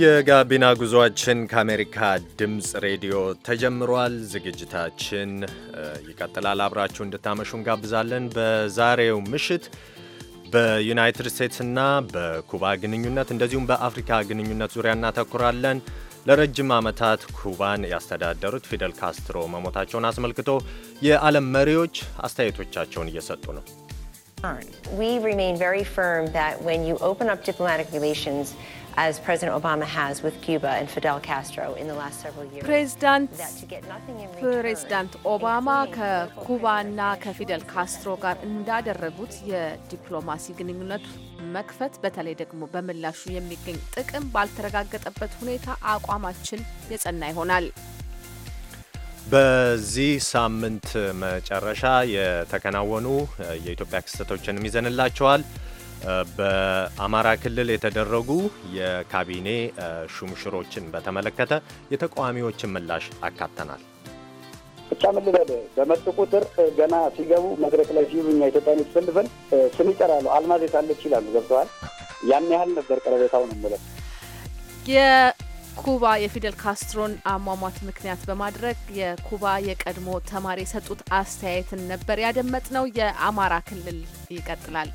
የጋቢና ጉዟችን ከአሜሪካ ድምፅ ሬዲዮ ተጀምሯል። ዝግጅታችን ይቀጥላል። አብራችሁ እንድታመሹ እንጋብዛለን። በዛሬው ምሽት በዩናይትድ ስቴትስና በኩባ ግንኙነት እንደዚሁም በአፍሪካ ግንኙነት ዙሪያ እናተኩራለን። ለረጅም ዓመታት ኩባን ያስተዳደሩት ፊደል ካስትሮ መሞታቸውን አስመልክቶ የዓለም መሪዎች አስተያየቶቻቸውን እየሰጡ ነው። We remain very firm that when you open up diplomatic relations, as President Obama has with Cuba and Fidel Castro in the last several years. ፕሬዝዳንት ፕሬዝዳንት ኦባማ ከኩባና ከፊደል ካስትሮ ጋር እንዳደረጉት የዲፕሎማሲ ግንኙነቱ መክፈት በተለይ ደግሞ በምላሹ የሚገኝ ጥቅም ባልተረጋገጠበት ሁኔታ አቋማችን የጸና ይሆናል። በዚህ ሳምንት መጨረሻ የተከናወኑ የኢትዮጵያ ክስተቶችንም ይዘንላቸዋል። በአማራ ክልል የተደረጉ የካቢኔ ሹምሽሮችን በተመለከተ የተቃዋሚዎችን ምላሽ አካተናል። ብቻ ምን ልበል፣ በመጡ ቁጥር ገና ሲገቡ መድረክ ላይ ሲሉ እኛ ኢትዮጵያን የተሰልፈን ስም ይጠራሉ። አልማዝ የታለች ይላሉ። ገብተዋል። ያን ያህል ነበር ቀረቤታው ነው የምለው ኩባ የፊደል ካስትሮን አሟሟት ምክንያት በማድረግ የኩባ የቀድሞ ተማሪ የሰጡት አስተያየትን ነበር ያደመጥነው። የአማራ ክልል ይቀጥላል።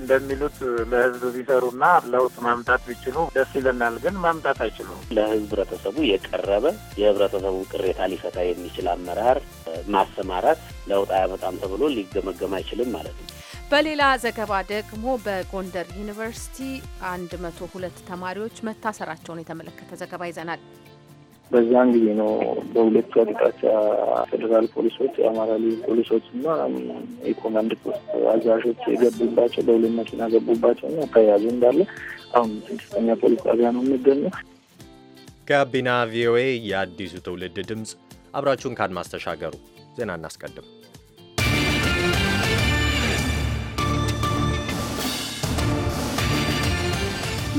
እንደሚሉት ለህዝብ ቢሰሩና ለውጥ ማምጣት ቢችሉ ደስ ይለናል። ግን ማምጣት አይችሉም። ህብረተሰቡ የቀረበ የህብረተሰቡ ቅሬታ ሊፈታ የሚችል አመራር ማሰማራት ለውጥ አያመጣም ተብሎ ሊገመገም አይችልም ማለት ነው። በሌላ ዘገባ ደግሞ በጎንደር ዩኒቨርሲቲ 102 ተማሪዎች መታሰራቸውን የተመለከተ ዘገባ ይዘናል። በዛን ጊዜ ነው በሁለቱ አቅጣጫ ፌዴራል ፖሊሶች፣ የአማራ ልዩ ፖሊሶች እና የኮማንድ ፖስት አዛዦች የገቡባቸው በሁለት መኪና ገቡባቸው እና ተያዙ። እንዳለ አሁን ስድስተኛ ፖሊስ ጣቢያ ነው የሚገኘው። ጋቢና ቪኦኤ የአዲሱ ትውልድ ድምፅ፣ አብራችሁን ካድማስ ተሻገሩ። ዜና እናስቀድም።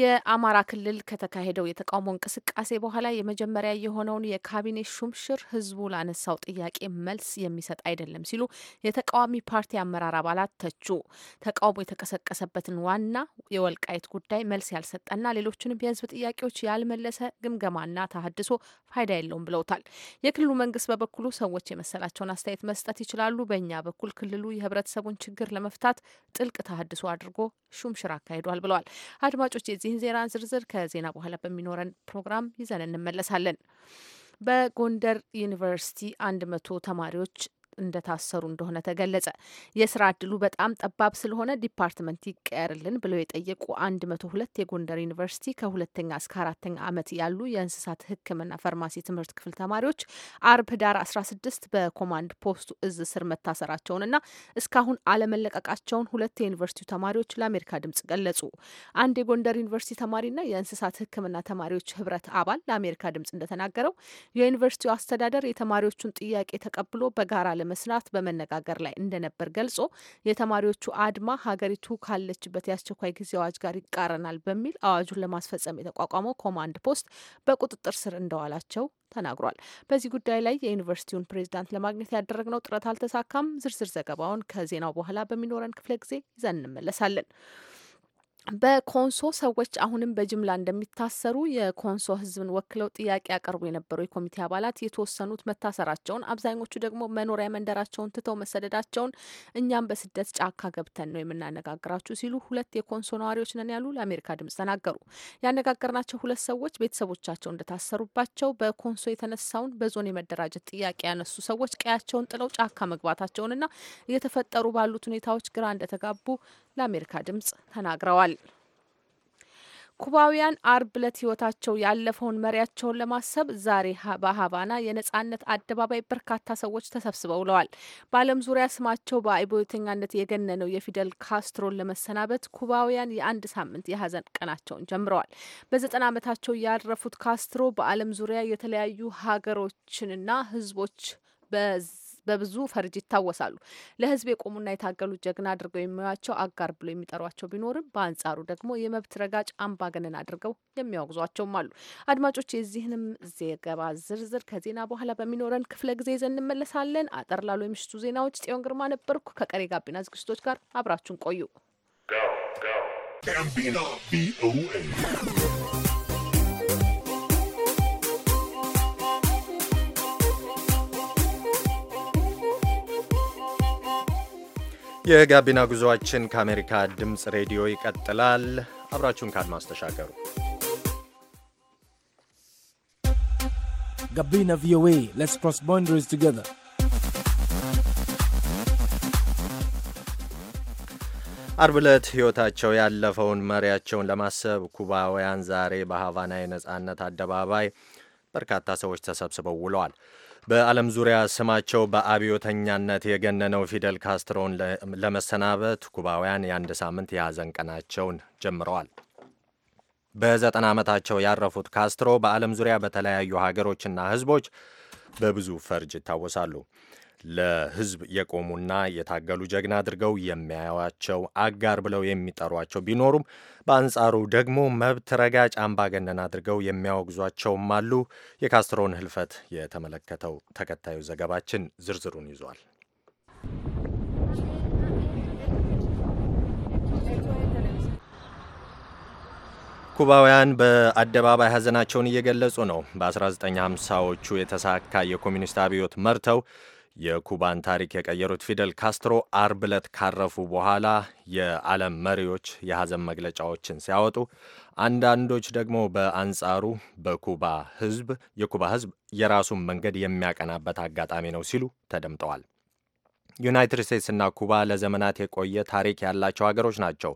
የአማራ ክልል ከተካሄደው የተቃውሞ እንቅስቃሴ በኋላ የመጀመሪያ የሆነውን የካቢኔ ሹምሽር ህዝቡ ላነሳው ጥያቄ መልስ የሚሰጥ አይደለም ሲሉ የተቃዋሚ ፓርቲ አመራር አባላት ተቹ። ተቃውሞ የተቀሰቀሰበትን ዋና የወልቃይት ጉዳይ መልስ ያልሰጠና ሌሎችንም የህዝብ ጥያቄዎች ያልመለሰ ግምገማና ተሀድሶ ፋይዳ የለውም ብለውታል። የክልሉ መንግስት በበኩሉ ሰዎች የመሰላቸውን አስተያየት መስጠት ይችላሉ፣ በእኛ በኩል ክልሉ የህብረተሰቡን ችግር ለመፍታት ጥልቅ ተሀድሶ አድርጎ ሹምሽር አካሂዷል ብለዋል። አድማጮች የዚህን ዜና ዝርዝር ከዜና በኋላ በሚኖረን ፕሮግራም ይዘን እንመለሳለን። በጎንደር ዩኒቨርሲቲ አንድ መቶ ተማሪዎች እንደታሰሩ እንደሆነ ተገለጸ። የስራ እድሉ በጣም ጠባብ ስለሆነ ዲፓርትመንት ይቀየርልን ብለው የጠየቁ አንድ መቶ ሁለት የጎንደር ዩኒቨርሲቲ ከሁለተኛ እስከ አራተኛ ዓመት ያሉ የእንስሳት ሕክምና ፋርማሲ ትምህርት ክፍል ተማሪዎች አርብ ህዳር አስራ ስድስት በኮማንድ ፖስቱ እዝ ስር መታሰራቸውንና እስካሁን አለመለቀቃቸውን ሁለት የዩኒቨርሲቲው ተማሪዎች ለአሜሪካ ድምጽ ገለጹ። አንድ የጎንደር ዩኒቨርሲቲ ተማሪና የእንስሳት ሕክምና ተማሪዎች ህብረት አባል ለአሜሪካ ድምጽ እንደተናገረው የዩኒቨርሲቲው አስተዳደር የተማሪዎቹን ጥያቄ ተቀብሎ በጋራ ለመስራት በመነጋገር ላይ እንደነበር ገልጾ የተማሪዎቹ አድማ ሀገሪቱ ካለችበት የአስቸኳይ ጊዜ አዋጅ ጋር ይቃረናል በሚል አዋጁን ለማስፈጸም የተቋቋመው ኮማንድ ፖስት በቁጥጥር ስር እንደዋላቸው ተናግሯል። በዚህ ጉዳይ ላይ የዩኒቨርሲቲውን ፕሬዚዳንት ለማግኘት ያደረግነው ጥረት አልተሳካም። ዝርዝር ዘገባውን ከዜናው በኋላ በሚኖረን ክፍለ ጊዜ ይዘን እንመለሳለን። በኮንሶ ሰዎች አሁንም በጅምላ እንደሚታሰሩ የኮንሶ ሕዝብን ወክለው ጥያቄ ያቀርቡ የነበሩ የኮሚቴ አባላት የተወሰኑት መታሰራቸውን፣ አብዛኞቹ ደግሞ መኖሪያ መንደራቸውን ትተው መሰደዳቸውን እኛም በስደት ጫካ ገብተን ነው የምናነጋግራችሁ ሲሉ ሁለት የኮንሶ ነዋሪዎች ነን ያሉ ለአሜሪካ ድምጽ ተናገሩ። ያነጋገርናቸው ሁለት ሰዎች ቤተሰቦቻቸው እንደታሰሩባቸው፣ በኮንሶ የተነሳውን በዞን የመደራጀት ጥያቄ ያነሱ ሰዎች ቀያቸውን ጥለው ጫካ መግባታቸውንና እየተፈጠሩ ባሉት ሁኔታዎች ግራ እንደተጋቡ ለአሜሪካ ድምጽ ተናግረዋል። ኩባውያን አርብ ዕለት ህይወታቸው ያለፈውን መሪያቸውን ለማሰብ ዛሬ በሀቫና የነጻነት አደባባይ በርካታ ሰዎች ተሰብስበው ውለዋል። በዓለም ዙሪያ ስማቸው በአብዮተኛነት የገነነው የፊደል ካስትሮን ለመሰናበት ኩባውያን የአንድ ሳምንት የሀዘን ቀናቸውን ጀምረዋል። በዘጠና ዓመታቸው ያረፉት ካስትሮ በዓለም ዙሪያ የተለያዩ ሀገሮችንና ህዝቦች በ በብዙ ፈርጅ ይታወሳሉ። ለህዝብ የቆሙና የታገሉ ጀግና አድርገው የሚያቸው አጋር ብሎ የሚጠሯቸው ቢኖርም በአንጻሩ ደግሞ የመብት ረጋጭ አምባገነን አድርገው የሚያወግዟቸውም አሉ። አድማጮች የዚህንም ዘገባ ዝርዝር ከዜና በኋላ በሚኖረን ክፍለ ጊዜ ይዘን እንመለሳለን። አጠር ላሉ የምሽቱ ዜናዎች ጽዮን ግርማ ነበርኩ። ከቀሬ ጋቢና ዝግጅቶች ጋር አብራችሁን ቆዩ። ጋቢና ቪኦኤ የጋቢና ጉዞአችን ከአሜሪካ ድምፅ ሬዲዮ ይቀጥላል። አብራችሁን ካድማስ ተሻገሩ። ጋቢና ቪኦኤ ሌትስ ክሮስ ቦንደሪስ ቱጌዘር አርብ ዕለት ሕይወታቸው ያለፈውን መሪያቸውን ለማሰብ ኩባውያን ዛሬ በሀቫና የነጻነት አደባባይ በርካታ ሰዎች ተሰብስበው ውለዋል። በዓለም ዙሪያ ስማቸው በአብዮተኛነት የገነነው ፊደል ካስትሮን ለመሰናበት ኩባውያን የአንድ ሳምንት የሐዘን ቀናቸውን ጀምረዋል። በዘጠና ዓመታቸው ያረፉት ካስትሮ በዓለም ዙሪያ በተለያዩ ሀገሮችና ሕዝቦች በብዙ ፈርጅ ይታወሳሉ። ለህዝብ የቆሙና የታገሉ ጀግና አድርገው የሚያዩቸው አጋር ብለው የሚጠሯቸው ቢኖሩም በአንጻሩ ደግሞ መብት ረጋጭ አምባገነን አድርገው የሚያወግዟቸውም አሉ። የካስትሮን ህልፈት የተመለከተው ተከታዩ ዘገባችን ዝርዝሩን ይዟል። ኩባውያን በአደባባይ ሀዘናቸውን እየገለጹ ነው። በ1950ዎቹ የተሳካ የኮሚኒስት አብዮት መርተው የኩባን ታሪክ የቀየሩት ፊደል ካስትሮ አርብ ዕለት ካረፉ በኋላ የዓለም መሪዎች የሐዘን መግለጫዎችን ሲያወጡ፣ አንዳንዶች ደግሞ በአንጻሩ በኩባ ሕዝብ የኩባ ሕዝብ የራሱን መንገድ የሚያቀናበት አጋጣሚ ነው ሲሉ ተደምጠዋል። ዩናይትድ ስቴትስና ኩባ ለዘመናት የቆየ ታሪክ ያላቸው ሀገሮች ናቸው።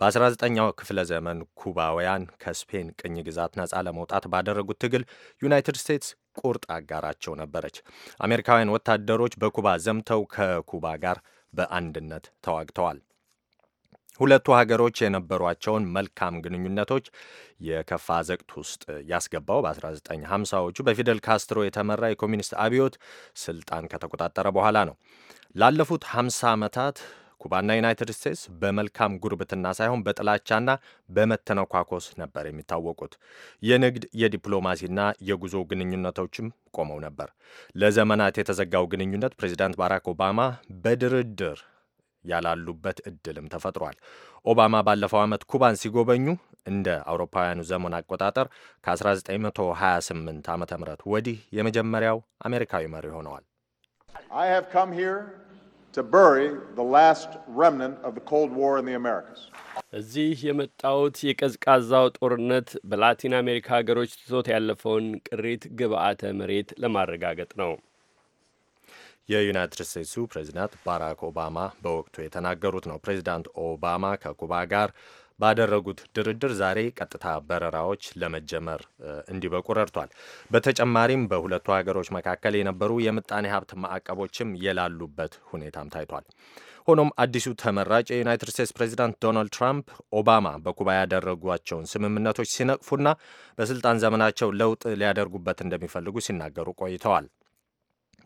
በ19ኛው ክፍለ ዘመን ኩባውያን ከስፔን ቅኝ ግዛት ነፃ ለመውጣት ባደረጉት ትግል ዩናይትድ ስቴትስ ቁርጥ አጋራቸው ነበረች። አሜሪካውያን ወታደሮች በኩባ ዘምተው ከኩባ ጋር በአንድነት ተዋግተዋል። ሁለቱ ሀገሮች የነበሯቸውን መልካም ግንኙነቶች የከፋ ዘቅት ውስጥ ያስገባው በ1950ዎቹ በፊደል ካስትሮ የተመራ የኮሚኒስት አብዮት ስልጣን ከተቆጣጠረ በኋላ ነው። ላለፉት 50 ዓመታት ኩባና ዩናይትድ ስቴትስ በመልካም ጉርብትና ሳይሆን በጥላቻና በመተነኳኮስ ነበር የሚታወቁት። የንግድ የዲፕሎማሲና የጉዞ ግንኙነቶችም ቆመው ነበር። ለዘመናት የተዘጋው ግንኙነት ፕሬዚዳንት ባራክ ኦባማ በድርድር ያላሉበት እድልም ተፈጥሯል። ኦባማ ባለፈው ዓመት ኩባን ሲጎበኙ እንደ አውሮፓውያኑ ዘመን አቆጣጠር ከ1928 ዓ ም ወዲህ የመጀመሪያው አሜሪካዊ መሪ ሆነዋል። እዚህ የመጣሁት የቀዝቃዛው ጦርነት በላቲን አሜሪካ ሀገሮች ትቶት ያለፈውን ቅሪት ግብዓተ መሬት ለማረጋገጥ ነው። የዩናይትድ ስቴትሱ ፕሬዚዳንት ባራክ ኦባማ በወቅቱ የተናገሩት ነው። ፕሬዚዳንት ኦባማ ከኩባ ጋር ባደረጉት ድርድር ዛሬ ቀጥታ በረራዎች ለመጀመር እንዲበቁ ረድቷል። በተጨማሪም በሁለቱ ሀገሮች መካከል የነበሩ የምጣኔ ሀብት ማዕቀቦችም የላሉበት ሁኔታም ታይቷል። ሆኖም አዲሱ ተመራጭ የዩናይትድ ስቴትስ ፕሬዚዳንት ዶናልድ ትራምፕ ኦባማ በኩባ ያደረጓቸውን ስምምነቶች ሲነቅፉና በስልጣን ዘመናቸው ለውጥ ሊያደርጉበት እንደሚፈልጉ ሲናገሩ ቆይተዋል።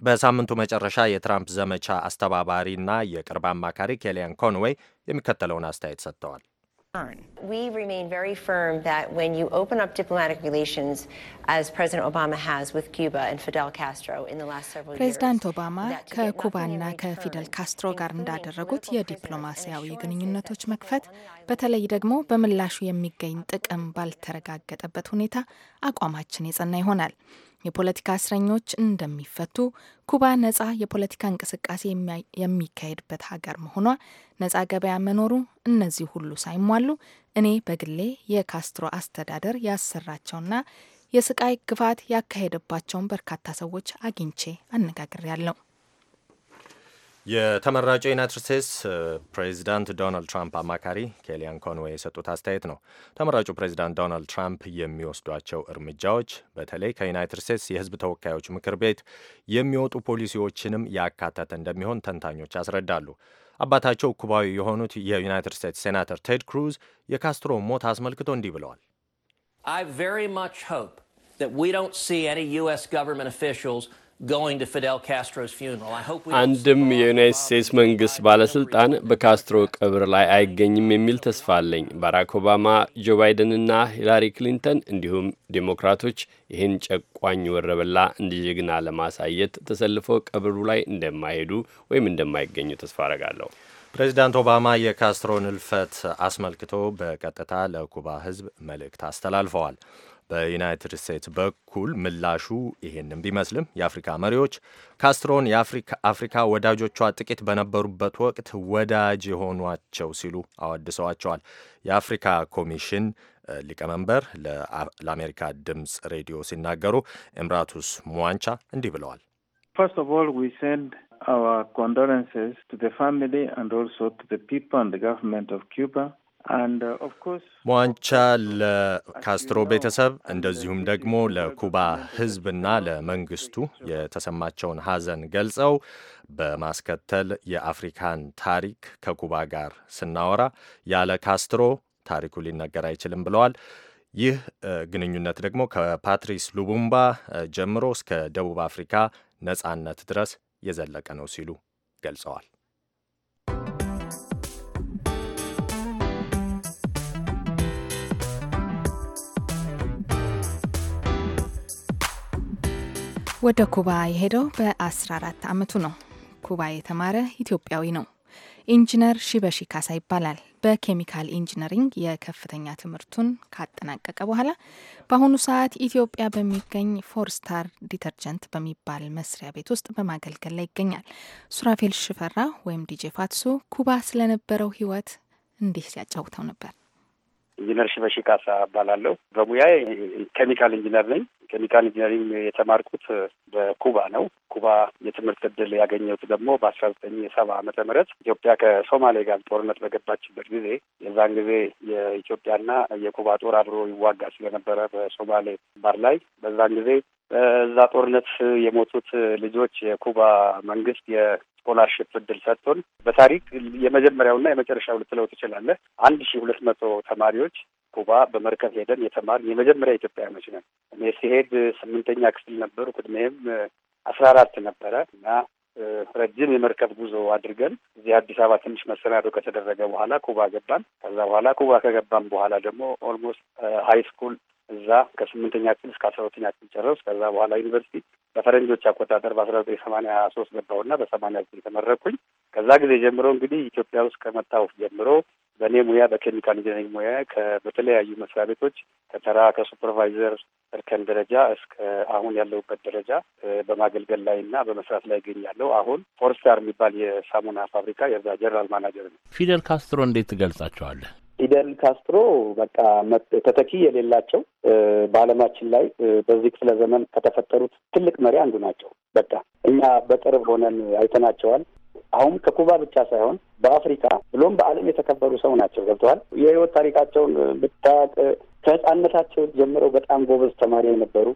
በሳምንቱ መጨረሻ የትራምፕ ዘመቻ አስተባባሪና የቅርብ አማካሪ ኬሊያን ኮንዌይ የሚከተለውን አስተያየት ሰጥተዋል። ፕሬዚዳንት ኦባማ ከኩባና ከፊደል ካስትሮ ጋር እንዳደረጉት የዲፕሎማሲያዊ ግንኙነቶች መክፈት በተለይ ደግሞ በምላሹ የሚገኝ ጥቅም ባልተረጋገጠበት ሁኔታ አቋማችን የጸና ይሆናል። የፖለቲካ እስረኞች እንደሚፈቱ፣ ኩባ ነጻ የፖለቲካ እንቅስቃሴ የሚካሄድበት ሀገር መሆኗ፣ ነጻ ገበያ መኖሩ፣ እነዚህ ሁሉ ሳይሟሉ እኔ በግሌ የካስትሮ አስተዳደር ያሰራቸውና የስቃይ ግፋት ያካሄደባቸውን በርካታ ሰዎች አግኝቼ አነጋግሬያለሁ። የተመራጩ ዩናይትድ ስቴትስ ፕሬዚዳንት ዶናልድ ትራምፕ አማካሪ ኬሊያን ኮንዌይ የሰጡት አስተያየት ነው። ተመራጩ ፕሬዚዳንት ዶናልድ ትራምፕ የሚወስዷቸው እርምጃዎች በተለይ ከዩናይትድ ስቴትስ የሕዝብ ተወካዮች ምክር ቤት የሚወጡ ፖሊሲዎችንም ያካተተ እንደሚሆን ተንታኞች ያስረዳሉ። አባታቸው ኩባዊ የሆኑት የዩናይትድ ስቴትስ ሴናተር ቴድ ክሩዝ የካስትሮ ሞት አስመልክቶ እንዲህ ብለዋል። I very much hope that we don't see any U.S. government officials አንድም የዩናይት ስቴትስ መንግስት ባለስልጣን በካስትሮ ቀብር ላይ አይገኝም የሚል ተስፋ አለኝ። ባራክ ኦባማ፣ ጆ ባይደንና ሂላሪ ክሊንተን እንዲሁም ዴሞክራቶች ይህን ጨቋኝ ወረበላ እንደ ጀግና ለማሳየት ተሰልፈው ቀብሩ ላይ እንደማይሄዱ ወይም እንደማይገኙ ተስፋ አረጋለሁ። ፕሬዚዳንት ኦባማ የካስትሮን እልፈት አስመልክቶ በቀጥታ ለኩባ ህዝብ መልእክት አስተላልፈዋል። በዩናይትድ ስቴትስ በኩል ምላሹ ይሄንም ቢመስልም የአፍሪካ መሪዎች ካስትሮን የአፍሪካ ወዳጆቿ ጥቂት በነበሩበት ወቅት ወዳጅ የሆኗቸው ሲሉ አወድሰዋቸዋል። የአፍሪካ ኮሚሽን ሊቀመንበር ለአሜሪካ ድምፅ ሬዲዮ ሲናገሩ ኤምራቱስ ሙዋንቻ እንዲህ ብለዋል። Our ኮንዶንስስ ቱ ፋሚሊ family ሶ also to the people and the ሟንቻ uh, ለካስትሮ ቤተሰብ እንደዚሁም ደግሞ ለኩባ ሕዝብና ለመንግስቱ የተሰማቸውን ሐዘን ገልጸው በማስከተል የአፍሪካን ታሪክ ከኩባ ጋር ስናወራ ያለ ካስትሮ ታሪኩ ሊነገር አይችልም ብለዋል። ይህ ግንኙነት ደግሞ ከፓትሪስ ሉቡምባ ጀምሮ እስከ ደቡብ አፍሪካ ነጻነት ድረስ የዘለቀ ነው ሲሉ ገልጸዋል። ወደ ኩባ የሄደው በ14 ዓመቱ ነው። ኩባ የተማረ ኢትዮጵያዊ ነው። ኢንጂነር ሺበሺ ካሳ ይባላል። በኬሚካል ኢንጂነሪንግ የከፍተኛ ትምህርቱን ካጠናቀቀ በኋላ በአሁኑ ሰዓት ኢትዮጵያ በሚገኝ ፎርስታር ዲተርጀንት በሚባል መስሪያ ቤት ውስጥ በማገልገል ላይ ይገኛል። ሱራፌል ሽፈራ ወይም ዲጄ ፋትሶ ኩባ ስለነበረው ህይወት እንዲህ ሲያጫውተው ነበር። ኢንጂነር ሽበሺ ካሳ እባላለሁ። በሙያ ኬሚካል ኢንጂነር ነኝ። ኬሚካል ኢንጂነሪንግ የተማርኩት በኩባ ነው። ኩባ የትምህርት እድል ያገኘሁት ደግሞ በአስራ ዘጠኝ የሰባ ዓመተ ምህረት ኢትዮጵያ ከሶማሌ ጋር ጦርነት በገባችበት ጊዜ የዛን ጊዜ የኢትዮጵያና የኩባ ጦር አብሮ ይዋጋ ስለነበረ በሶማሌ ባር ላይ በዛን ጊዜ በዛ ጦርነት የሞቱት ልጆች የኩባ መንግስት የስኮላርሽፕ እድል ሰጥቶን በታሪክ የመጀመሪያውና የመጨረሻው ልትለው ትችላለህ። አንድ ሺ ሁለት መቶ ተማሪዎች ኩባ በመርከብ ሄደን የተማር የመጀመሪያ ኢትዮጵያውያኖች ነን። እኔ ሲሄድ ስምንተኛ ክፍል ነበሩ። ቅድሜም አስራ አራት ነበረ እና ረጅም የመርከብ ጉዞ አድርገን እዚህ አዲስ አበባ ትንሽ መሰናዶ ከተደረገ በኋላ ኩባ ገባን። ከዛ በኋላ ኩባ ከገባን በኋላ ደግሞ ኦልሞስት ሀይ ስኩል እዛ ከስምንተኛ ክፍል እስከ አስራ ሁለተኛ ክፍል ጨረስኩ። ከዛ በኋላ ዩኒቨርሲቲ በፈረንጆች አቆጣጠር በአስራ ዘጠኝ ሰማንያ ሶስት ገባሁና በሰማንያ ዘጠኝ ተመረኩኝ። ከዛ ጊዜ ጀምሮ እንግዲህ ኢትዮጵያ ውስጥ ከመጣሁ ጀምሮ በእኔ ሙያ በኬሚካል ኢንጂነሪንግ ሙያ በተለያዩ መስሪያ ቤቶች ከተራ ከሱፐርቫይዘር እርከን ደረጃ እስከ አሁን ያለሁበት ደረጃ በማገልገል ላይ እና በመስራት ላይ ይገኛለሁ። አሁን ፎርስታር የሚባል የሳሙና ፋብሪካ የዛ ጀነራል ማናጀር ነው። ፊደል ካስትሮ እንዴት ትገልጻቸዋለህ? ፊደል ካስትሮ በቃ ተተኪ የሌላቸው በዓለማችን ላይ በዚህ ክፍለ ዘመን ከተፈጠሩት ትልቅ መሪ አንዱ ናቸው። በቃ እኛ በቅርብ ሆነን አይተናቸዋል። አሁን ከኩባ ብቻ ሳይሆን በአፍሪካ ብሎም በዓለም የተከበሩ ሰው ናቸው። ገብተዋል። የህይወት ታሪካቸውን ብታቅ ከህጻንነታቸው ጀምረው በጣም ጎበዝ ተማሪ የነበሩ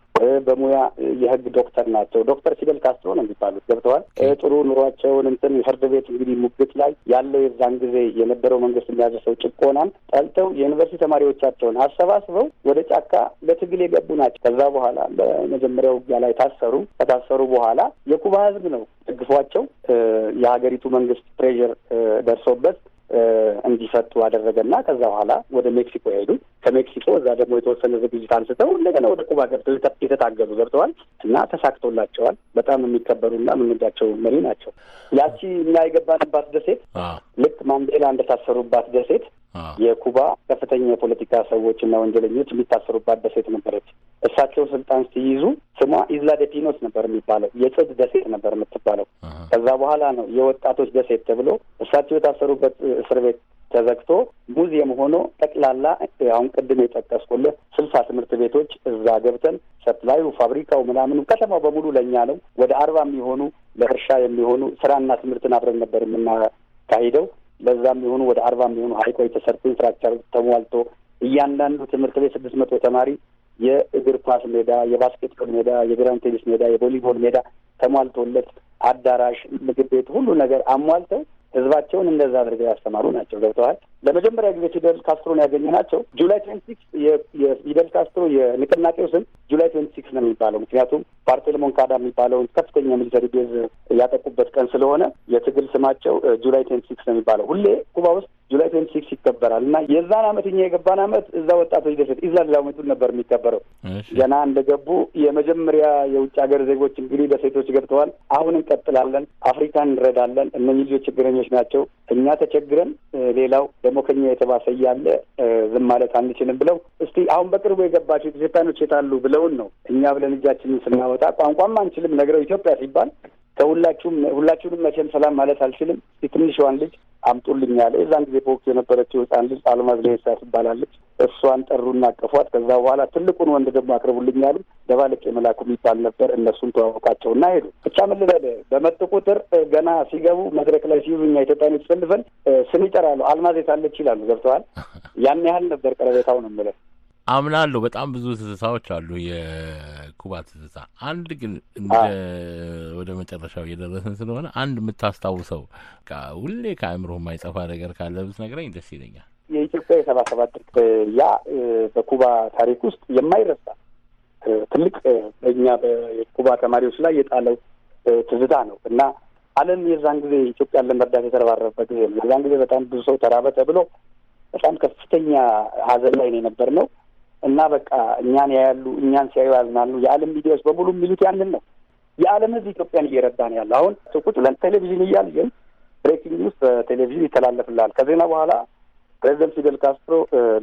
በሙያ የህግ ዶክተር ናቸው። ዶክተር ፊደል ካስትሮ ነው የሚባሉት ገብተዋል። ጥሩ ኑሯቸውን እንትን ፍርድ ቤት እንግዲህ ሙግት ላይ ያለው የዛን ጊዜ የነበረው መንግስት የሚያዘሰው ጭቆናን ጠልተው የዩኒቨርሲቲ ተማሪዎቻቸውን አሰባስበው ወደ ጫካ ለትግል የገቡ ናቸው። ከዛ በኋላ በመጀመሪያው ውጊያ ላይ ታሰሩ። ከታሰሩ በኋላ የኩባ ህዝብ ነው ደግፏቸው የሀገሪቱ መንግስት ፕሬዥር ደርሶበት እንዲፈቱ አደረገና ከዛ በኋላ ወደ ሜክሲኮ ሄዱ። ከሜክሲኮ እዛ ደግሞ የተወሰነ ዝግጅት አንስተው እንደገና ወደ ኩባ ገብተው የተታገሉ ገብተዋል እና ተሳክቶላቸዋል። በጣም የሚከበሩና የምንወዳቸው መሪ ናቸው። ያቺ እና የገባንባት ደሴት ልክ ማንዴላ እንደታሰሩባት ደሴት የኩባ ከፍተኛ የፖለቲካ ሰዎች እና ወንጀለኞች የሚታሰሩባት ደሴት ነበረች። እሳቸው ስልጣን ሲይዙ ስሟ ኢዝላ ደ ፒኖስ ነበር የሚባለው፣ የጽድ ደሴት ነበር የምትባለው። ከዛ በኋላ ነው የወጣቶች ደሴት ተብሎ እሳቸው የታሰሩበት እስር ቤት ተዘግቶ ሙዚየም ሆኖ ጠቅላላ አሁን ቅድም የጠቀስኩልህ ስልሳ ትምህርት ቤቶች እዛ ገብተን ሰፕላዩ፣ ፋብሪካው፣ ምናምኑ ከተማው በሙሉ ለእኛ ነው። ወደ አርባ የሚሆኑ ለእርሻ የሚሆኑ ስራና ትምህርትን አብረን ነበር የምናካሂደው። በዛም የሆኑ ወደ አርባ የሚሆኑ ሀይቆች ተሰርቶ ኢንፍራክቸር ተሟልቶ እያንዳንዱ ትምህርት ቤት ስድስት መቶ ተማሪ የእግር ኳስ ሜዳ፣ የባስኬትቦል ሜዳ፣ የግራን ቴኒስ ሜዳ፣ የቮሊቦል ሜዳ ተሟልቶለት አዳራሽ፣ ምግብ ቤት፣ ሁሉ ነገር አሟልተው ህዝባቸውን እንደዛ አድርገው ያስተማሩ ናቸው። ገብተዋል። ለመጀመሪያ ጊዜ ፊደል ካስትሮን ያገኘ ናቸው። ጁላይ ትዌንቲ ሲክስ የፊደል ካስትሮ የንቅናቄው ስም ጁላይ ትዌንቲ ሲክስ ነው የሚባለው ምክንያቱም ፓርቴል ካዳ የሚባለውን ከፍተኛ ሚሊተሪ ቤዝ ያጠቁበት ቀን ስለሆነ የትግል ስማቸው ጁላይ ትዌንቲ ሲክስ ነው የሚባለው። ሁሌ ኩባ ውስጥ ጁላይ ትዌንቲ ሲክስ ይከበራል እና የዛን አመት እኛ የገባን አመት እዛ ወጣቶች ደሰት ኢዛ ላመቱን ነበር የሚከበረው። ገና እንደገቡ የመጀመሪያ የውጭ ሀገር ዜጎች እንግዲህ ደሴቶች ገብተዋል። አሁን እንቀጥላለን፣ አፍሪካን እንረዳለን። እነ ልጆች ችግረኞች ናቸው። እኛ ተቸግረን ሌላው ደግሞ ከኛ የተባሰ እያለ ዝም ማለት አንችልም ብለው እስቲ አሁን በቅርቡ የገባቸው ኢትዮጵያኖች የታሉ ብለውን ነው እኛ ብለን እጃችንን ስናወጣ ቋንቋም አንችልም ነግረው ኢትዮጵያ ሲባል ከሁላችሁም ሁላችሁንም መቼም ሰላም ማለት አልችልም። የትንሿን ልጅ አምጡልኝ የዛን ጊዜ በወቅቱ የነበረችው ህጻን ልጅ አልማዝ ሌሳ ትባላለች። እሷን ጠሩና አቀፏት። ከዛ በኋላ ትልቁን ወንድ ደግሞ አቅርቡልኝ ደባለቅ የመላኩ መላኩ የሚባል ነበር። እነሱን ተዋወቃቸውና ሄዱ። ብቻ ምን ልበልህ፣ በመጡ ቁጥር ገና ሲገቡ መድረክ ላይ ሲይዙ እኛ ኢትዮጵያኖች ፈልፈን ስም ይጠራሉ። አልማዝ አለች ይላሉ። ገብተዋል። ያን ያህል ነበር ቀረቤታው ነው የምልህ አምናለሁ። በጣም ብዙ ትዝታዎች አሉ፣ የኩባ ትዝታ። አንድ ግን ወደ መጨረሻው እየደረስን ስለሆነ አንድ የምታስታውሰው ሁሌ ከአእምሮ የማይጠፋ ነገር ካለ ብትነግረኝ ደስ ይለኛል። የኢትዮጵያ የሰባ ሰባት ድርቅ ያ በኩባ ታሪክ ውስጥ የማይረሳ ትልቅ በእኛ በኩባ ተማሪዎች ላይ የጣለው ትዝታ ነው እና ዓለም የዛን ጊዜ ኢትዮጵያን ለመርዳት የተረባረበበት ጊዜ ነው። የዛን ጊዜ በጣም ብዙ ሰው ተራበ ተብሎ በጣም ከፍተኛ ሀዘን ላይ ነው የነበር ነው እና በቃ እኛን ያያሉ፣ እኛን ሲያዩ ያዝናሉ። የዓለም ሚዲያዎች በሙሉ የሚሉት ያንን ነው። የዓለም ህዝብ ኢትዮጵያን እየረዳ ነው ያለ። አሁን ቁጭ ብለን ቴሌቪዥን እያል ግን ብሬኪንግ ኒውስ በቴሌቪዥን ይተላለፍላል። ከዜና በኋላ ፕሬዚደንት ፊደል ካስትሮ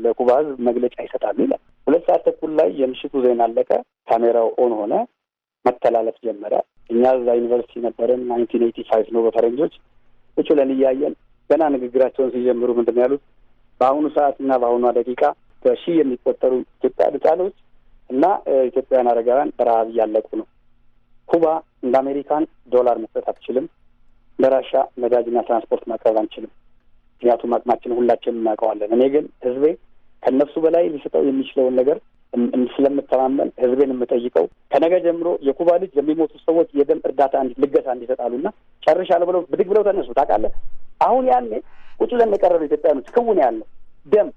ለኩባ ህዝብ መግለጫ ይሰጣሉ ይላል። ሁለት ሰዓት ተኩል ላይ የምሽቱ ዜና አለቀ። ካሜራው ኦን ሆነ፣ መተላለፍ ጀመረ። እኛ እዛ ዩኒቨርሲቲ ነበረን። ናይንቲን ኤይቲ ፋይቭ ነው በፈረንጆች። ቁጭ ብለን እያየን ገና ንግግራቸውን ሲጀምሩ ምንድን ነው ያሉት? በአሁኑ ሰዓት እና በአሁኗ ደቂቃ በሺህ የሚቆጠሩ ኢትዮጵያ ህጻኖች እና ኢትዮጵያውያን አረጋውያን በረሀብ እያለቁ ነው። ኩባ እንደ አሜሪካን ዶላር መስጠት አትችልም። ለራሻ መዳጅና ትራንስፖርት ማቅረብ አንችልም። ምክንያቱም አቅማችን ሁላችንም እናውቀዋለን። እኔ ግን ህዝቤ ከነሱ በላይ ሊሰጠው የሚችለውን ነገር ስለምተማመን ህዝቤን የምጠይቀው ከነገ ጀምሮ የኩባ ልጅ የሚሞቱ ሰዎች የደም እርዳታ ልገሳ እንዲሰጣሉና ጨርሻለሁ ብለው ብድግ ብለው ተነሱ። ታውቃለህ አሁን ያኔ ቁጭ ብለን ኢትዮጵያኖች ክውን ያለው ደም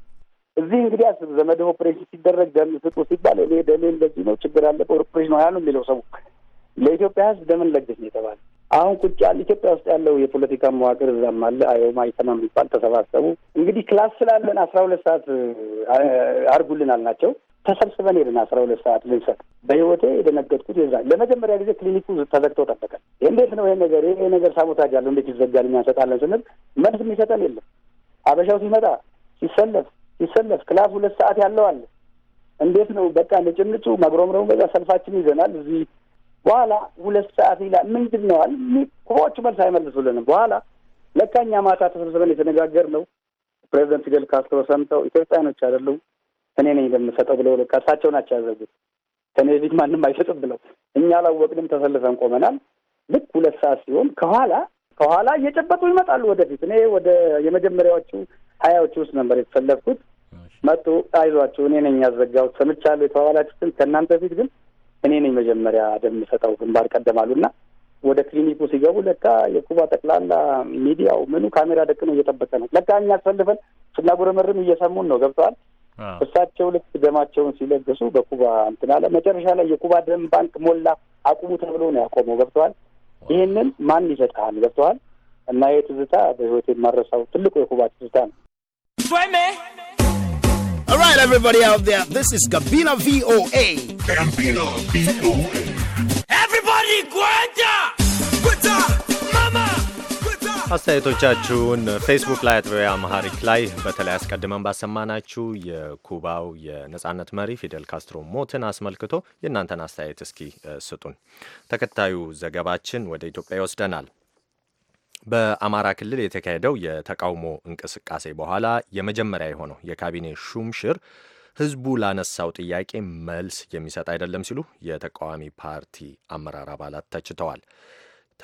እዚህ እንግዲህ አስብ ዘመድ ኦፕሬሽን ሲደረግ ደም ስጡ ሲባል እኔ ደሜ እንደዚህ ነው ችግር አለ ኦፕሬሽን ነው ያሉ የሚለው ሰው ለኢትዮጵያ ህዝብ ደምን ለግስ ነው የተባለ። አሁን ቁጭ ያለ ኢትዮጵያ ውስጥ ያለው የፖለቲካ መዋቅር እዛም አለ አዮማ ይተማ የሚባል ተሰባሰቡ። እንግዲህ ክላስ ስላለን አስራ ሁለት ሰዓት አርጉልን አልናቸው። ተሰብስበን ሄድን አስራ ሁለት ሰዓት ልንሰጥ በህይወቴ የደነገጥኩት የዛ ለመጀመሪያ ጊዜ ክሊኒኩ ተዘግቶ ጠበቀን። እንዴት ነው ይሄ ነገር ይሄ ነገር ሳቦታጅ አለው እንዴት ይዘጋል እኛ እንሰጣለን ስንል መልስ የሚሰጠን የለም። አበሻው ሲመጣ ሲሰለፍ ይሰለፍ። ክላስ ሁለት ሰዓት ያለው አለ። እንዴት ነው በቃ ንጭንጩ መግሮምረሙ በዛ ሰልፋችን ይዘናል። እዚህ በኋላ ሁለት ሰዓት ይላል። ምንድን ነው አለ ኮቹ መልስ አይመልሱልንም። በኋላ ለካኛ ማታ ተሰብስበን የተነጋገር ነው ፕሬዚደንት ፊደል ካስትሮ ሰምተው ኢትዮጵያኖች አይደሉም እኔ ነኝ እንደምሰጠው ብለው ለካ እሳቸው ናቸው ያዘጉት ከኔ ፊት ማንም አይሰጥም ብለው እኛ አላወቅንም። ተሰልፈን ቆመናል። ልክ ሁለት ሰዓት ሲሆን ከኋላ ከኋላ እየጨበጡ ይመጣሉ ወደፊት። እኔ ወደ የመጀመሪያዎቹ ሀያዎች ውስጥ ነበር የተሰለፍኩት። መጡ። አይዟቸው እኔ ነኝ ያዘጋሁት ሰምቻለሁ የተባባላችሁትን ከእናንተ ፊት ግን እኔ ነኝ መጀመሪያ ደም ሰጠው ግንባር ቀደም አሉና ወደ ክሊኒኩ ሲገቡ ለካ የኩባ ጠቅላላ ሚዲያው ምኑ ካሜራ ደቅኖ እየጠበቀ ነው። ለካ እኛ አስፈልፈን ስናጉረመርም እየሰሙን ነው። ገብተዋል። እሳቸው ልክ ደማቸውን ሲለግሱ በኩባ እንትን አለ። መጨረሻ ላይ የኩባ ደም ባንክ ሞላ። አቁሙ ተብሎ ነው ያቆመው። ገብተዋል። ይህንን ማን ይሰጥሃል? ገብተዋል። እና ይህ ትዝታ በህይወት የማረሳው ትልቁ የኩባ ትዝታ ነው። All right, everybody out there, this is Gabina VOA. Gabina VOA. Everybody, Guanta! አስተያየቶቻችሁን ፌስቡክ ላይ አት ቪኦኤ አማሃሪክ ላይ በተለይ አስቀድመን ባሰማናችሁ የኩባው የነጻነት መሪ ፊደል ካስትሮ ሞትን አስመልክቶ የእናንተን አስተያየት እስኪ ስጡን። ተከታዩ ዘገባችን ወደ ኢትዮጵያ ይወስደናል። በአማራ ክልል የተካሄደው የተቃውሞ እንቅስቃሴ በኋላ የመጀመሪያ የሆነው የካቢኔ ሹምሽር ህዝቡ ላነሳው ጥያቄ መልስ የሚሰጥ አይደለም ሲሉ የተቃዋሚ ፓርቲ አመራር አባላት ተችተዋል።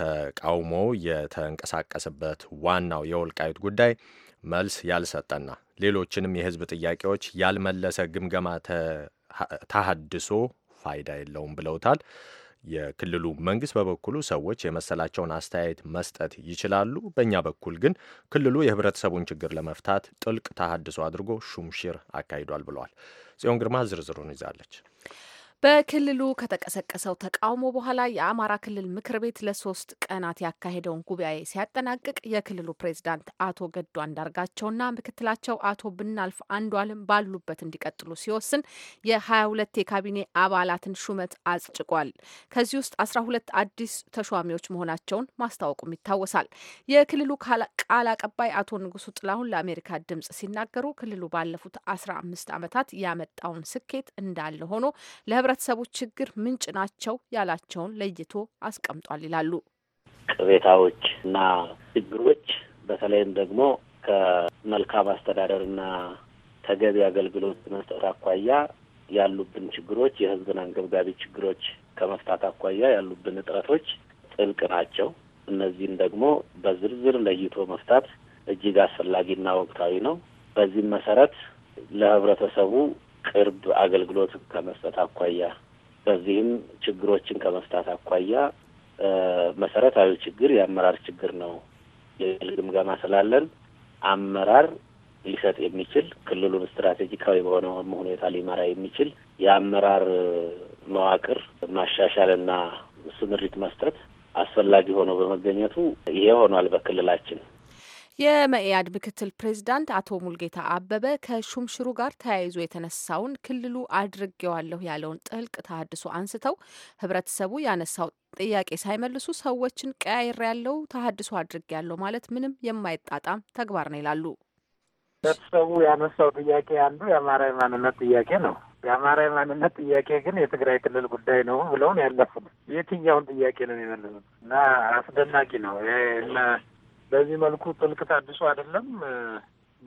ተቃውሞ የተንቀሳቀሰበት ዋናው የወልቃይት ጉዳይ መልስ ያልሰጠና ሌሎችንም የህዝብ ጥያቄዎች ያልመለሰ ግምገማ ተሃድሶ ፋይዳ የለውም ብለውታል። የክልሉ መንግስት በበኩሉ ሰዎች የመሰላቸውን አስተያየት መስጠት ይችላሉ፣ በእኛ በኩል ግን ክልሉ የህብረተሰቡን ችግር ለመፍታት ጥልቅ ተሃድሶ አድርጎ ሹምሽር አካሂዷል ብለዋል። ጽዮን ግርማ ዝርዝሩን ይዛለች። በክልሉ ከተቀሰቀሰው ተቃውሞ በኋላ የአማራ ክልል ምክር ቤት ለሶስት ቀናት ያካሄደውን ጉባኤ ሲያጠናቅቅ የክልሉ ፕሬዝዳንት አቶ ገዱ አንዳርጋቸውና ምክትላቸው አቶ ብናልፍ አንዷልም ባሉበት እንዲቀጥሉ ሲወስን የ22 የካቢኔ አባላትን ሹመት አጽጭቋል። ከዚህ ውስጥ 12 አዲስ ተሿሚዎች መሆናቸውን ማስታወቁም ይታወሳል። የክልሉ ቃል አቀባይ አቶ ንጉሱ ጥላሁን ለአሜሪካ ድምጽ ሲናገሩ ክልሉ ባለፉት 15 ዓመታት ያመጣውን ስኬት እንዳለ ሆኖ የህብረተሰቡ ችግር ምንጭ ናቸው ያላቸውን ለይቶ አስቀምጧል ይላሉ። ቅሬታዎች እና ችግሮች በተለይም ደግሞ ከመልካም አስተዳደርና ተገቢ አገልግሎት መስጠት አኳያ ያሉብን ችግሮች የህዝብን አንገብጋቢ ችግሮች ከመፍታት አኳያ ያሉብን እጥረቶች ጥልቅ ናቸው። እነዚህም ደግሞ በዝርዝር ለይቶ መፍታት እጅግ አስፈላጊና ወቅታዊ ነው። በዚህም መሰረት ለህብረተሰቡ ቅርብ አገልግሎት ከመስጠት አኳያ በዚህም ችግሮችን ከመፍታት አኳያ መሰረታዊ ችግር የአመራር ችግር ነው የሚል ግምገማ ስላለን አመራር ሊሰጥ የሚችል ክልሉን ስትራቴጂካዊ በሆነ ሁኔታ ሊመራ የሚችል የአመራር መዋቅር ማሻሻልና ስምሪት መስጠት አስፈላጊ ሆኖ በመገኘቱ ይሄ ሆኗል። በክልላችን የመኢአድ ምክትል ፕሬዚዳንት አቶ ሙልጌታ አበበ ከሹምሽሩ ጋር ተያይዞ የተነሳውን ክልሉ አድርጌዋለሁ ያለውን ጥልቅ ተሀድሶ አንስተው ህብረተሰቡ ያነሳው ጥያቄ ሳይመልሱ ሰዎችን ቀያይር ያለው ተሀድሶ አድርጌ ያለው ማለት ምንም የማይጣጣም ተግባር ነው ይላሉ። ህብረተሰቡ ያነሳው ጥያቄ አንዱ የአማራዊ ማንነት ጥያቄ ነው። የአማራ የማንነት ጥያቄ ግን የትግራይ ክልል ጉዳይ ነው ብለውን ያለፉት የትኛውን ጥያቄ ነው የሚመልሱት? እና አስደናቂ ነው። በዚህ መልኩ ጥልቅ ታድሶ አይደለም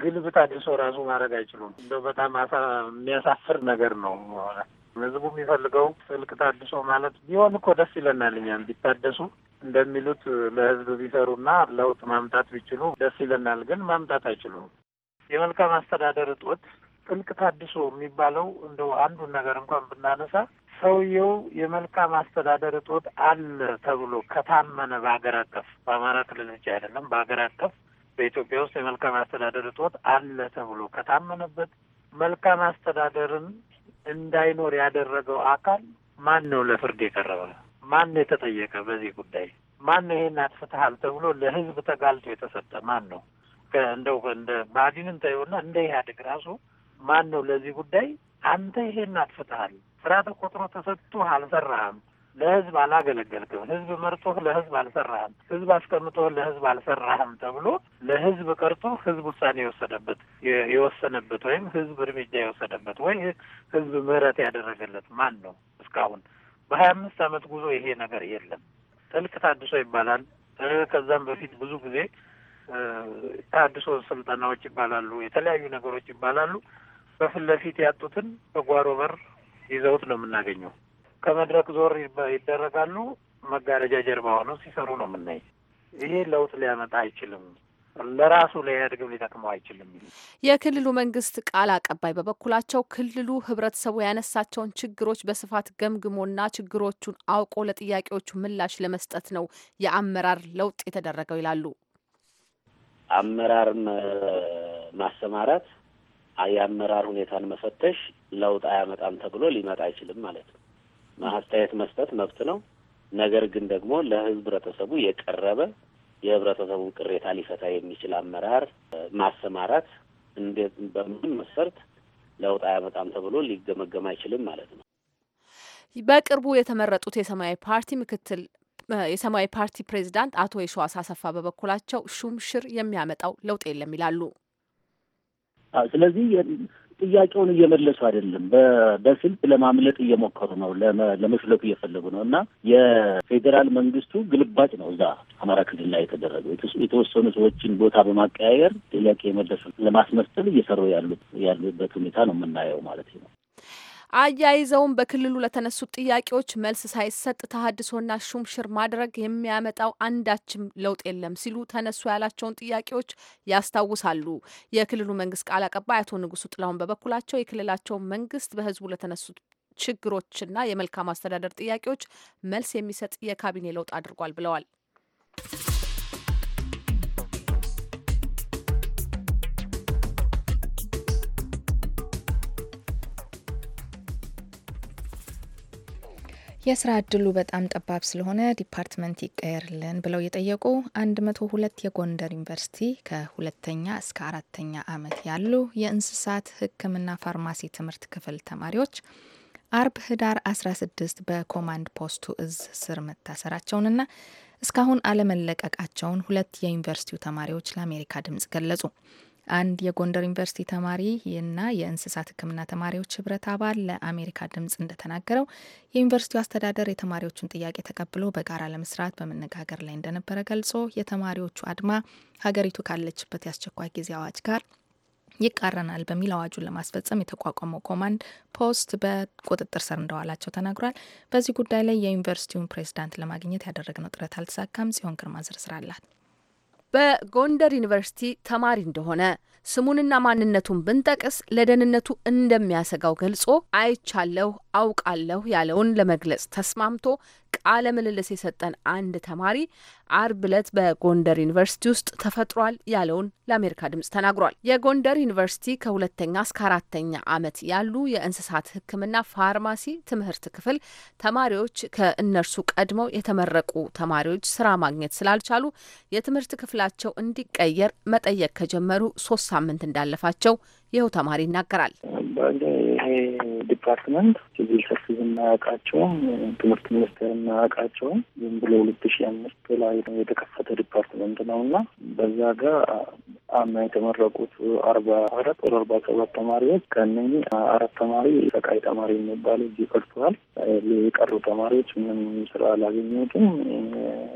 ግልብ ታድሶ ራሱ ማድረግ አይችሉም። እንደው በጣም አሳ የሚያሳፍር ነገር ነው። ህዝቡ የሚፈልገው ጥልቅ ታድሶ ማለት ቢሆን እኮ ደስ ይለናል። እኛም ቢታደሱ እንደሚሉት ለህዝብ ቢሰሩና ለውጥ ማምጣት ቢችሉ ደስ ይለናል። ግን ማምጣት አይችሉም። የመልካም አስተዳደር እጦት ጥልቅ ታድሶ የሚባለው እንደው አንዱን ነገር እንኳን ብናነሳ ሰውየው የመልካም አስተዳደር እጦት አለ ተብሎ ከታመነ በሀገር አቀፍ በአማራ ክልል ብቻ አይደለም፣ በሀገር አቀፍ በኢትዮጵያ ውስጥ የመልካም አስተዳደር እጦት አለ ተብሎ ከታመነበት መልካም አስተዳደርን እንዳይኖር ያደረገው አካል ማን ነው? ለፍርድ የቀረበ ማን ነው? የተጠየቀ በዚህ ጉዳይ ማን ነው? ይሄን አጥፍተሃል ተብሎ ለህዝብ ተጋልጦ የተሰጠ ማን ነው? እንደው እንደ ብአዴንን ተይውና እንደ ኢህአዴግ ራሱ ማን ነው ለዚህ ጉዳይ አንተ ይሄን አጥፍተሃል፣ ስራ ተቆጥሮ ተሰጥቶህ አልሰራህም፣ ለህዝብ አላገለገልክም፣ ህዝብ መርጦህ ለህዝብ አልሰራህም፣ ህዝብ አስቀምጦህ ለህዝብ አልሰራህም ተብሎ ለህዝብ ቀርቶ ህዝብ ውሳኔ የወሰደበት የወሰነበት ወይም ህዝብ እርምጃ የወሰደበት ወይ ህዝብ ምህረት ያደረገለት ማን ነው? እስካሁን በሀያ አምስት አመት ጉዞ ይሄ ነገር የለም። ጥልቅ ታድሶ ይባላል። ከዛም በፊት ብዙ ጊዜ ታድሶ ስልጠናዎች ይባላሉ፣ የተለያዩ ነገሮች ይባላሉ። በፊት ለፊት ያጡትን በጓሮ በር ይዘውት ነው የምናገኘው። ከመድረክ ዞር ይደረጋሉ። መጋረጃ ጀርባ ሆነው ሲሰሩ ነው የምናይ። ይሄ ለውጥ ሊያመጣ አይችልም ለራሱ ሊያድግም ሊጠቅመው አይችልም። የክልሉ መንግስት ቃል አቀባይ በበኩላቸው ክልሉ ህብረተሰቡ ያነሳቸውን ችግሮች በስፋት ገምግሞና ችግሮቹን አውቆ ለጥያቄዎቹ ምላሽ ለመስጠት ነው የአመራር ለውጥ የተደረገው ይላሉ። አመራር ማሰማራት የአመራር ሁኔታን መፈተሽ ለውጥ አያመጣም ተብሎ ሊመጣ አይችልም ማለት ነው። አስተያየት መስጠት መብት ነው። ነገር ግን ደግሞ ለህብረተሰቡ የቀረበ የህብረተሰቡን ቅሬታ ሊፈታ የሚችል አመራር ማሰማራት እንዴት በምን መስፈርት ለውጥ አያመጣም ተብሎ ሊገመገም አይችልም ማለት ነው። በቅርቡ የተመረጡት የሰማያዊ ፓርቲ ምክትል የሰማያዊ ፓርቲ ፕሬዚዳንት አቶ የሸዋስ አሰፋ በበኩላቸው ሹም ሽር የሚያመጣው ለውጥ የለም ይላሉ። ስለዚህ ጥያቄውን እየመለሱ አይደለም። በስልት ለማምለጥ እየሞከሩ ነው፣ ለመሽለቱ እየፈለጉ ነው። እና የፌዴራል መንግስቱ ግልባጭ ነው እዛ አማራ ክልል ላይ የተደረገው የተወሰኑ ሰዎችን ቦታ በማቀያየር ጥያቄ የመለሱ ለማስመሰል እየሰሩ ያሉበት ሁኔታ ነው የምናየው ማለት ነው። አያይዘውም በክልሉ ለተነሱት ጥያቄዎች መልስ ሳይሰጥ ተሀድሶና ሹምሽር ማድረግ የሚያመጣው አንዳችም ለውጥ የለም ሲሉ ተነሱ ያላቸውን ጥያቄዎች ያስታውሳሉ። የክልሉ መንግስት ቃል አቀባይ አቶ ንጉሱ ጥላሁን በበኩላቸው የክልላቸው መንግስት በህዝቡ ለተነሱት ችግሮችና የመልካም አስተዳደር ጥያቄዎች መልስ የሚሰጥ የካቢኔ ለውጥ አድርጓል ብለዋል። የስራ እድሉ በጣም ጠባብ ስለሆነ ዲፓርትመንት ይቀየርልን ብለው የጠየቁ 102 የጎንደር ዩኒቨርሲቲ ከሁለተኛ እስከ አራተኛ ዓመት ያሉ የእንስሳት ሕክምና ፋርማሲ ትምህርት ክፍል ተማሪዎች አርብ ህዳር 16 በኮማንድ ፖስቱ እዝ ስር መታሰራቸውንና እስካሁን አለመለቀቃቸውን ሁለት የዩኒቨርሲቲው ተማሪዎች ለአሜሪካ ድምጽ ገለጹ። አንድ የጎንደር ዩኒቨርሲቲ ተማሪ እና የእንስሳት ሕክምና ተማሪዎች ህብረት አባል ለአሜሪካ ድምጽ እንደተናገረው የዩኒቨርሲቲው አስተዳደር የተማሪዎቹን ጥያቄ ተቀብሎ በጋራ ለመስራት በመነጋገር ላይ እንደነበረ ገልጾ የተማሪዎቹ አድማ ሀገሪቱ ካለችበት የአስቸኳይ ጊዜ አዋጅ ጋር ይቃረናል በሚል አዋጁን ለማስፈጸም የተቋቋመው ኮማንድ ፖስት በቁጥጥር ስር እንደዋላቸው ተናግሯል። በዚህ ጉዳይ ላይ የዩኒቨርሲቲውን ፕሬዚዳንት ለማግኘት ያደረግነው ጥረት አልተሳካም። ጽዮን ግርማ ዝርዝር አላት። በጎንደር ዩኒቨርሲቲ ተማሪ እንደሆነ ስሙንና ማንነቱን ብንጠቅስ ለደህንነቱ እንደሚያሰጋው ገልጾ አይቻለሁ አውቃለሁ ያለውን ለመግለጽ ተስማምቶ ቃለ ምልልስ የሰጠን አንድ ተማሪ አርብ ዕለት በጎንደር ዩኒቨርሲቲ ውስጥ ተፈጥሯል ያለውን ለአሜሪካ ድምጽ ተናግሯል። የጎንደር ዩኒቨርሲቲ ከሁለተኛ እስከ አራተኛ ዓመት ያሉ የእንስሳት ሕክምና ፋርማሲ ትምህርት ክፍል ተማሪዎች ከእነርሱ ቀድመው የተመረቁ ተማሪዎች ስራ ማግኘት ስላልቻሉ የትምህርት ክፍላቸው እንዲቀየር መጠየቅ ከጀመሩ ሶስት ሳምንት እንዳለፋቸው ይኸው ተማሪ ይናገራል። ዲፓርትመንት ሲቪል ሰርቪስ እናያውቃቸውም ትምህርት ሚኒስቴር እናያውቃቸውም ዝም ብሎ ሁለት ሺ አምስት ላይ ነው የተከፈተ ዲፓርትመንት ነው እና በዛ ጋር አምና የተመረቁት አርባ አራት ወደ አርባ ሰባት ተማሪዎች ከእነኚህ አራት ተማሪ ሰቃይ ተማሪ የሚባሉ እዚህ ቀርተዋል። የቀሩ ተማሪዎች ምንም ስራ አላገኘትም።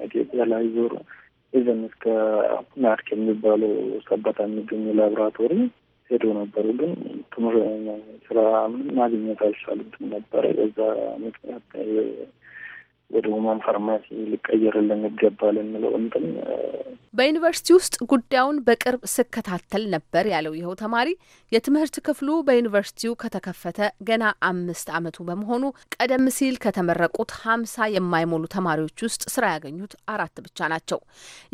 ኢትዮጵያ ላይ ዞር ኢቨን እስከ ናርክ የሚባለው ሰበታ የሚገኙ ላብራቶሪ ሄዶ ነበሩ፣ ግን ስራ ማግኘት አልቻሉትም ነበረ። በዛ ምክንያት ወደ ሁማን ፋርማሲ ሊቀየርልን ይገባል የምለው እንትን በዩኒቨርሲቲ ውስጥ ጉዳዩን በቅርብ ስከታተል ነበር ያለው ይኸው ተማሪ የትምህርት ክፍሉ በዩኒቨርሲቲው ከተከፈተ ገና አምስት ዓመቱ በመሆኑ ቀደም ሲል ከተመረቁት ሀምሳ የማይሞሉ ተማሪዎች ውስጥ ስራ ያገኙት አራት ብቻ ናቸው።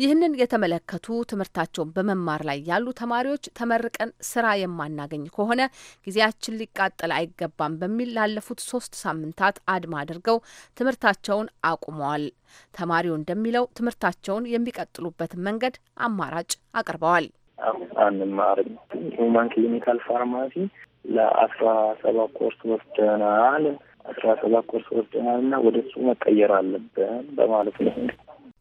ይህንን የተመለከቱ ትምህርታቸውን በመማር ላይ ያሉ ተማሪዎች ተመርቀን ስራ የማናገኝ ከሆነ ጊዜያችን ሊቃጠል አይገባም በሚል ላለፉት ሶስት ሳምንታት አድማ አድርገው ትምህርታቸውን ትምህርታቸውን አቁመዋል። ተማሪው እንደሚለው ትምህርታቸውን የሚቀጥሉበት መንገድ አማራጭ አቅርበዋል። አንማርም ሁማን ክሊኒካል ፋርማሲ ለአስራ ሰባት ኮርስ ወስደናል አስራ ሰባት ኮርስ ወስደናል እና ወደ እሱ መቀየር አለብን በማለት ነው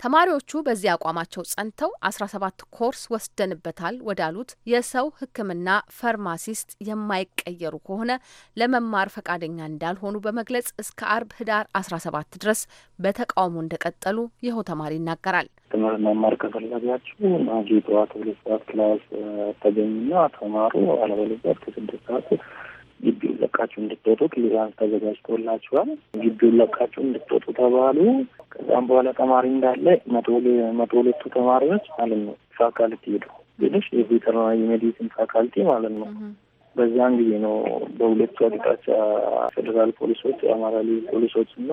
ተማሪዎቹ በዚህ አቋማቸው ጸንተው 17 ኮርስ ወስደንበታል ወዳሉት የሰው ሕክምና ፋርማሲስት የማይቀየሩ ከሆነ ለመማር ፈቃደኛ እንዳልሆኑ በመግለጽ እስከ አርብ ህዳር 17 ድረስ በተቃውሞ እንደቀጠሉ ይኸው ተማሪ ይናገራል። ትምህርት መማር ከፈለጋችሁ ማጌ ጠዋት ሁለት ሰዓት ክላስ ተገኙና ተማሩ፣ አለበለዚያ እስከ ስድስት ሰዓት ግቢውን ለቃችሁ እንድትወጡ ክሊራንስ ተዘጋጅቶላችኋል፣ ግቢውን ለቃችሁ እንድትወጡ ተባሉ። ከዛም በኋላ ተማሪ እንዳለ መቶ ሁለቱ ተማሪዎች ማለት ነው ፋካልቲ ሄዱ ትንሽ የቬተርናሪ የሜዲሲን ፋካልቲ ማለት ነው። በዚያን ጊዜ ነው በሁለቱ አቅጣጫ ፌዴራል ፖሊሶች፣ የአማራ ልዩ ፖሊሶች እና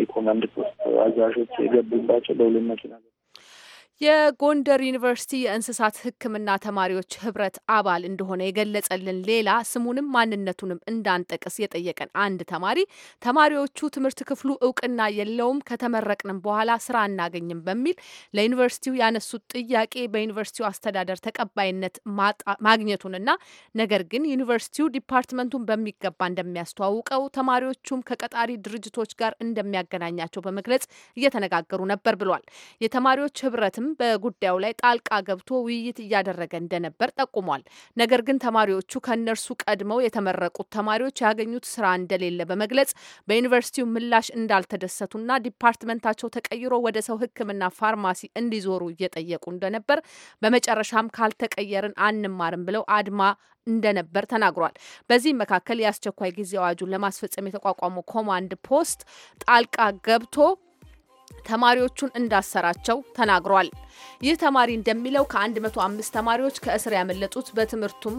የኮማንድ ፖስት አዛዦች የገቡባቸው በሁለት መኪና የጎንደር ዩኒቨርሲቲ የእንስሳት ሕክምና ተማሪዎች ህብረት አባል እንደሆነ የገለጸልን ሌላ ስሙንም ማንነቱንም እንዳንጠቅስ የጠየቀን አንድ ተማሪ ተማሪዎቹ ትምህርት ክፍሉ እውቅና የለውም፣ ከተመረቅንም በኋላ ስራ አናገኝም በሚል ለዩኒቨርሲቲው ያነሱት ጥያቄ በዩኒቨርሲቲው አስተዳደር ተቀባይነት ማግኘቱንና ነገር ግን ዩኒቨርሲቲው ዲፓርትመንቱን በሚገባ እንደሚያስተዋውቀው ተማሪዎቹም ከቀጣሪ ድርጅቶች ጋር እንደሚያገናኛቸው በመግለጽ እየተነጋገሩ ነበር ብሏል። የተማሪዎች ህብረትም በጉዳዩ ላይ ጣልቃ ገብቶ ውይይት እያደረገ እንደነበር ጠቁሟል። ነገር ግን ተማሪዎቹ ከእነርሱ ቀድመው የተመረቁት ተማሪዎች ያገኙት ስራ እንደሌለ በመግለጽ በዩኒቨርሲቲው ምላሽ እንዳልተደሰቱና ዲፓርትመንታቸው ተቀይሮ ወደ ሰው ሕክምና ፋርማሲ እንዲዞሩ እየጠየቁ እንደነበር በመጨረሻም ካልተቀየርን አንማርም ብለው አድማ እንደነበር ተናግሯል። በዚህ መካከል የአስቸኳይ ጊዜ አዋጁን ለማስፈጸም የተቋቋመው ኮማንድ ፖስት ጣልቃ ገብቶ ተማሪዎቹን እንዳሰራቸው ተናግሯል። ይህ ተማሪ እንደሚለው ከ105 ተማሪዎች ከእስር ያመለጡት በትምህርቱም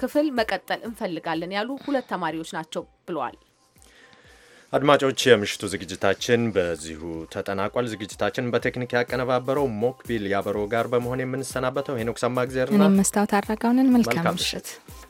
ክፍል መቀጠል እንፈልጋለን ያሉ ሁለት ተማሪዎች ናቸው ብለዋል። አድማጮች፣ የምሽቱ ዝግጅታችን በዚሁ ተጠናቋል። ዝግጅታችን በቴክኒክ ያቀነባበረው ሞክቢል ያበሮ ጋር በመሆን የምንሰናበተው ሄኖክ ሰማእግዜርና መስታወት አድራጋውንን መልካም ምሽት